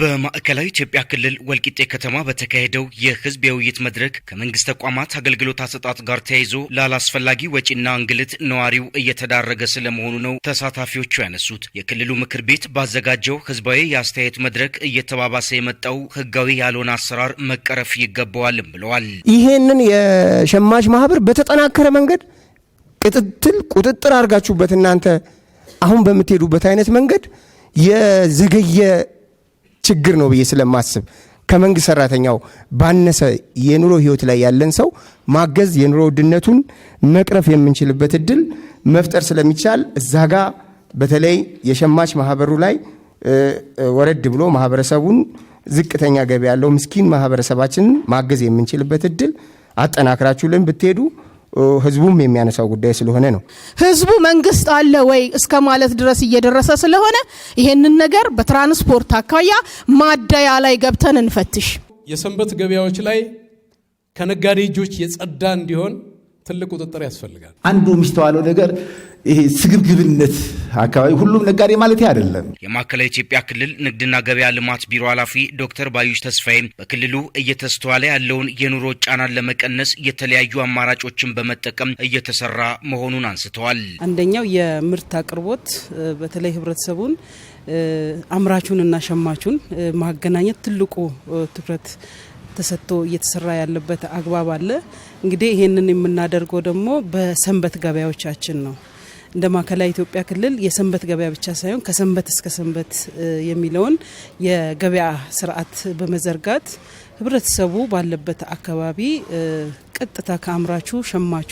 በማዕከላዊ ኢትዮጵያ ክልል ወልቂጤ ከተማ በተካሄደው የህዝብ የውይይት መድረክ ከመንግስት ተቋማት አገልግሎት አሰጣጥ ጋር ተያይዞ ላላስፈላጊ ወጪና እንግልት ነዋሪው እየተዳረገ ስለመሆኑ ነው ተሳታፊዎቹ ያነሱት። የክልሉ ምክር ቤት ባዘጋጀው ህዝባዊ የአስተያየት መድረክ እየተባባሰ የመጣው ህጋዊ ያልሆነ አሰራር መቀረፍ ይገባዋልም ብለዋል። ይሄንን የሸማች ማህበር በተጠናከረ መንገድ ቅጥትል ቁጥጥር አድርጋችሁበት እናንተ አሁን በምትሄዱበት አይነት መንገድ የዘገየ ችግር ነው ብዬ ስለማስብ ከመንግስት ሰራተኛው ባነሰ የኑሮ ህይወት ላይ ያለን ሰው ማገዝ የኑሮ ውድነቱን መቅረፍ የምንችልበት እድል መፍጠር ስለሚቻል እዛ ጋ በተለይ የሸማች ማህበሩ ላይ ወረድ ብሎ ማህበረሰቡን ዝቅተኛ ገቢ ያለው ምስኪን ማህበረሰባችንን ማገዝ የምንችልበት እድል አጠናክራችሁ ልን ብትሄዱ ህዝቡም የሚያነሳው ጉዳይ ስለሆነ ነው። ህዝቡ መንግስት አለ ወይ እስከ ማለት ድረስ እየደረሰ ስለሆነ ይህንን ነገር በትራንስፖርት አካያ ማደያ ላይ ገብተን እንፈትሽ። የሰንበት ገበያዎች ላይ ከነጋዴ እጆች የጸዳ እንዲሆን ትልቅ ቁጥጥር ያስፈልጋል። አንዱ የሚስተዋለው ነገር ይሄ ስግብግብነት አካባቢ ሁሉም ነጋዴ ማለት አይደለም። የማዕከላዊ ኢትዮጵያ ክልል ንግድና ገበያ ልማት ቢሮ ኃላፊ ዶክተር ባዩሽ ተስፋዬም በክልሉ እየተስተዋለ ያለውን የኑሮ ጫናን ለመቀነስ የተለያዩ አማራጮችን በመጠቀም እየተሰራ መሆኑን አንስተዋል። አንደኛው የምርት አቅርቦት በተለይ ህብረተሰቡን አምራቹንና ሸማቹን ማገናኘት ትልቁ ትኩረት ተሰጥቶ እየተሰራ ያለበት አግባብ አለ። እንግዲህ ይህንን የምናደርገው ደግሞ በሰንበት ገበያዎቻችን ነው። እንደ ማዕከላዊ ኢትዮጵያ ክልል የሰንበት ገበያ ብቻ ሳይሆን ከሰንበት እስከ ሰንበት የሚለውን የገበያ ስርዓት በመዘርጋት ህብረተሰቡ ባለበት አካባቢ ቀጥታ ከአምራቹ ሸማቹ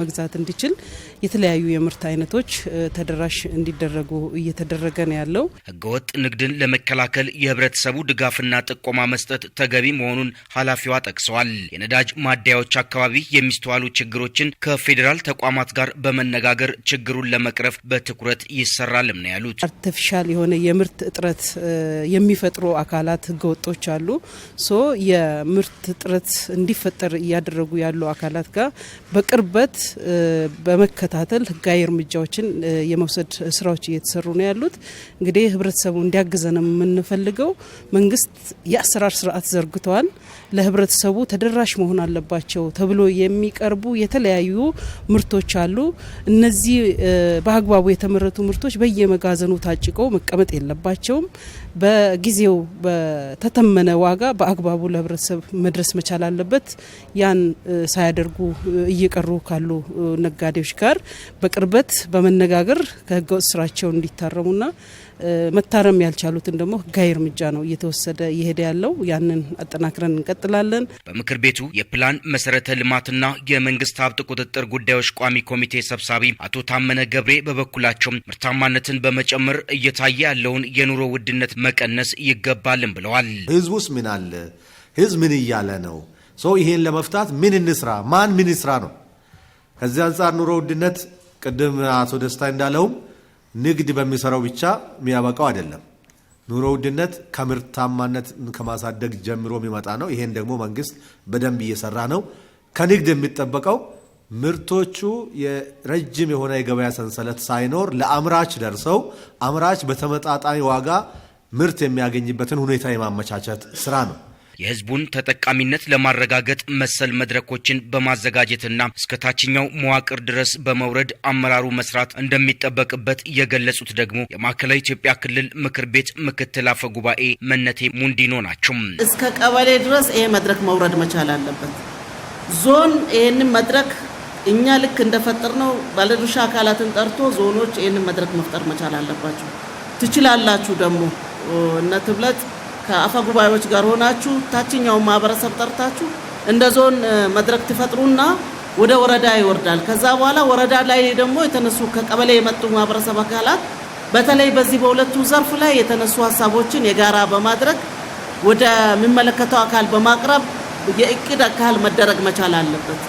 መግዛት እንዲችል የተለያዩ የምርት አይነቶች ተደራሽ እንዲደረጉ እየተደረገ ነው ያለው። ህገወጥ ንግድን ለመከላከል የህብረተሰቡ ድጋፍና ጥቆማ መስጠት ተገቢ መሆኑን ኃላፊዋ ጠቅሰዋል። የነዳጅ ማደያዎች አካባቢ የሚስተዋሉ ችግሮችን ከፌዴራል ተቋማት ጋር በመነጋገር ችግሩን ለመቅረፍ በትኩረት ይሰራልም ነው ያሉት። አርቲፊሻል የሆነ የምርት እጥረት የሚፈጥሩ አካላት ህገወጦች አሉ ሶ የምርት እጥረት እንዲፈጠር እያደረጉ ያሉ አካላት ጋር በቅርበት በመከታተል ህጋዊ እርምጃዎችን የመውሰድ ስራዎች እየተሰሩ ነው ያሉት። እንግዲህ ህብረተሰቡ እንዲያግዘን የምንፈልገው መንግስት የአሰራር ስርዓት ዘርግተዋል። ለህብረተሰቡ ተደራሽ መሆን አለባቸው ተብሎ የሚቀርቡ የተለያዩ ምርቶች አሉ። እነዚህ በአግባቡ የተመረቱ ምርቶች በየመጋዘኑ ታጭቀው መቀመጥ የለባቸውም። በጊዜው በተተመነ ዋጋ በአግባቡ ለህብረተሰብ መድረስ መቻል አለበት። ያን ሳያደርጉ እየቀሩ ካሉ ነጋዴዎች ጋር በቅርበት በመነጋገር ከህገወጥ ስራቸው እንዲታረሙና መታረም ያልቻሉትን ደግሞ ህጋዊ እርምጃ ነው እየተወሰደ እየሄደ ያለው። ያንን አጠናክረን እንቀጥላለን። በምክር ቤቱ የፕላን መሰረተ ልማትና የመንግስት ሀብት ቁጥጥር ጉዳዮች ቋሚ ኮሚቴ ሰብሳቢ አቶ ታመነ ገብሬ በበኩላቸው ምርታማነትን በመጨመር እየታየ ያለውን የኑሮ ውድነት መቀነስ ይገባልን ብለዋል። ህዝብ ውስጥ ምን አለ? ህዝብ ምን እያለ ነው? ሰው ይሄን ለመፍታት ምን እንስራ? ማን ምን ይስራ ነው። ከዚህ አንጻር ኑሮ ውድነት ቅድም አቶ ደስታ እንዳለውም ንግድ በሚሰራው ብቻ የሚያበቃው አይደለም። ኑሮ ውድነት ከምርታማነት ከማሳደግ ጀምሮ የሚመጣ ነው። ይሄን ደግሞ መንግስት በደንብ እየሰራ ነው። ከንግድ የሚጠበቀው ምርቶቹ የረጅም የሆነ የገበያ ሰንሰለት ሳይኖር ለአምራች ደርሰው አምራች በተመጣጣኝ ዋጋ ምርት የሚያገኝበትን ሁኔታ የማመቻቸት ስራ ነው። የህዝቡን ተጠቃሚነት ለማረጋገጥ መሰል መድረኮችን በማዘጋጀትና እስከ ታችኛው መዋቅር ድረስ በመውረድ አመራሩ መስራት እንደሚጠበቅበት የገለጹት ደግሞ የማዕከላዊ ኢትዮጵያ ክልል ምክር ቤት ምክትል አፈ ጉባኤ መነቴ ሙንዲኖ ናቸው። እስከ ቀበሌ ድረስ ይሄ መድረክ መውረድ መቻል አለበት። ዞን ይህንን መድረክ እኛ ልክ እንደፈጠር ነው ባለድርሻ አካላትን ጠርቶ ዞኖች ይህንን መድረክ መፍጠር መቻል አለባቸው። ትችላላችሁ ደግሞ እነ ትብለጥ ከአፈ ጉባኤዎች ጋር ሆናችሁ ታችኛውን ማህበረሰብ ጠርታችሁ እንደ ዞን መድረክ ትፈጥሩና ወደ ወረዳ ይወርዳል። ከዛ በኋላ ወረዳ ላይ ደግሞ የተነሱ ከቀበሌ የመጡ ማህበረሰብ አካላት በተለይ በዚህ በሁለቱ ዘርፍ ላይ የተነሱ ሀሳቦችን የጋራ በማድረግ ወደሚመለከተው አካል በማቅረብ የእቅድ አካል መደረግ መቻል አለበት።